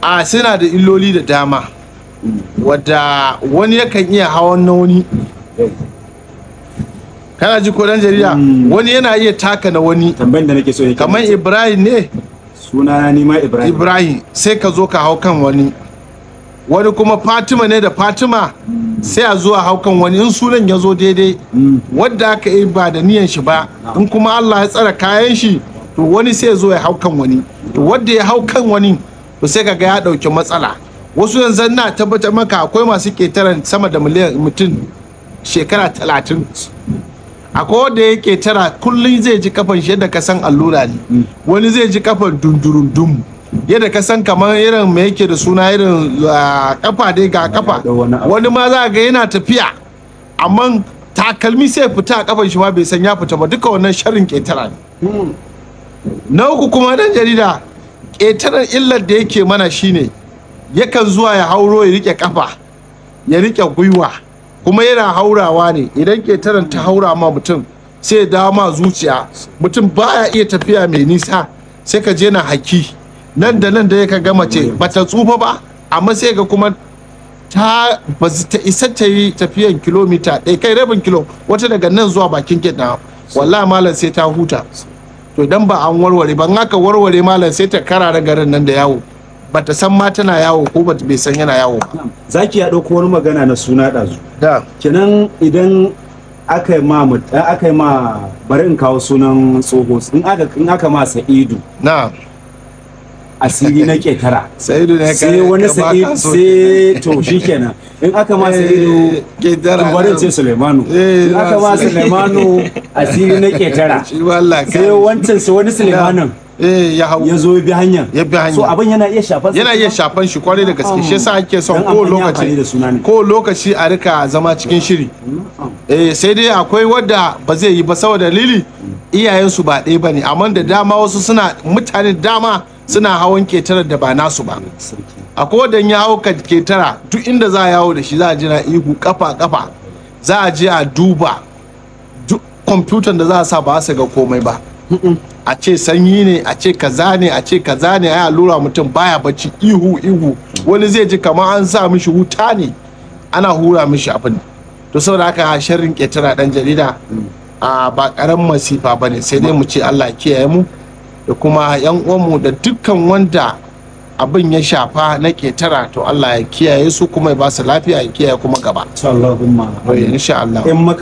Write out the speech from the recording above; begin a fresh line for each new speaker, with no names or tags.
a suna da illoli da dama wadda wani yakan iya hawan na wani kana ji ko dan jarida hmm. wani yana iya taka na wani kamar ibrahim ne suna ni ibrahim ibrahim sai ka zo ka hau kan wani wani kuma fatima ne da fatima hmm. sai a zuwa haukan wani in sunan ya zo daidai hmm. wadda aka yi ba da niyan shi ba in kuma allah ya tsara kayan shi to wani sai ya zo ya haukan wani to wadda ya haukan wani to sai kaga ya dauki matsala wasu yanzu na tabbatar maka akwai masu ketaren sama da miliyan mutum shekara talatin akwai wanda ya ketara kullum zai ji kafan shi yadda ka san allura ne wani zai ji kafan dundurundum yadda ka san kamar irin mai yake da suna irin kafa ah, dai ga kafa wani ma za ga yana tafiya amma takalmi sai fita a kafan shi ma bai san ya fita ba duka wannan sharrin ketara ne hmm. na uku kuma dan jarida ƙetaren illar da yake mana shine yakan zuwa ya hauro ya rike kafa ya rike gwiwa kuma yana haurawa ne idan ƙetaren ta haura ma mutum sai dawo ma zuciya mutum baya iya tafiya mai nisa sai ka je na haki nan da nan da ya ka ga mace bata tsufa ba amma sai ga kuma ta ba ta isa ta yi tafiyan kilomita ɗaya kai rabin kilo wata daga nan zuwa bakin gida wallahi malam sai ta huta to idan ba an warware ba haka warware malam sai ta karara garin nan da yawo ba ta san ma tana yawo ko ba bai san yana yawo za ki ya ɗauko wani magana na suna ɗazu da kenan idan aka yi ma eh, aka yi ma bari in kawo sunan tsoho in aka in aka ma sa'idu na asiri na ketara sa'idu ne sai wani sa'idu sai to shikenan in aka ma sa'idu barin eh, ce sulemanu eh, in aka ma sulemanu asiri na ketara sai wancan su wani sulemanin eh ya hau ya zo bi hanya ya bi hanya so abin yana iya shafan yana iya shafan shi kwarai da gaske shi yasa ake son ko lokaci ko lokaci a rika zama cikin shiri mm-hmm. eh sai dai akwai wadda ba zai yi ba saboda lili iyayensu ba ɗaya bane amma da dama wasu suna mutane dama suna hawan ketara da ba nasu ba a kodan ya hau ketara duk inda za a yawo da shi za a na ihu kafa kafa za a je a duba duk kwamfutan da za a sa ba a ga komai ba a ce sanyi ne a ce kaza ne a ce kaza ne ai allura mutum baya bacci ihu ihu wani zai ji kamar an sa mishi wuta ne ana hura mishi abin to saboda haka sharrin ketara dan jarida a ba karan masifa ba ne sai dai mu ce Allah kiyaye mu da kuma yan uwanmu da dukkan wanda abin ya shafa na ketara to Allah ya kiyaye su kuma ya ba su lafiya ya kiyaye kuma gaba. Insha Allah.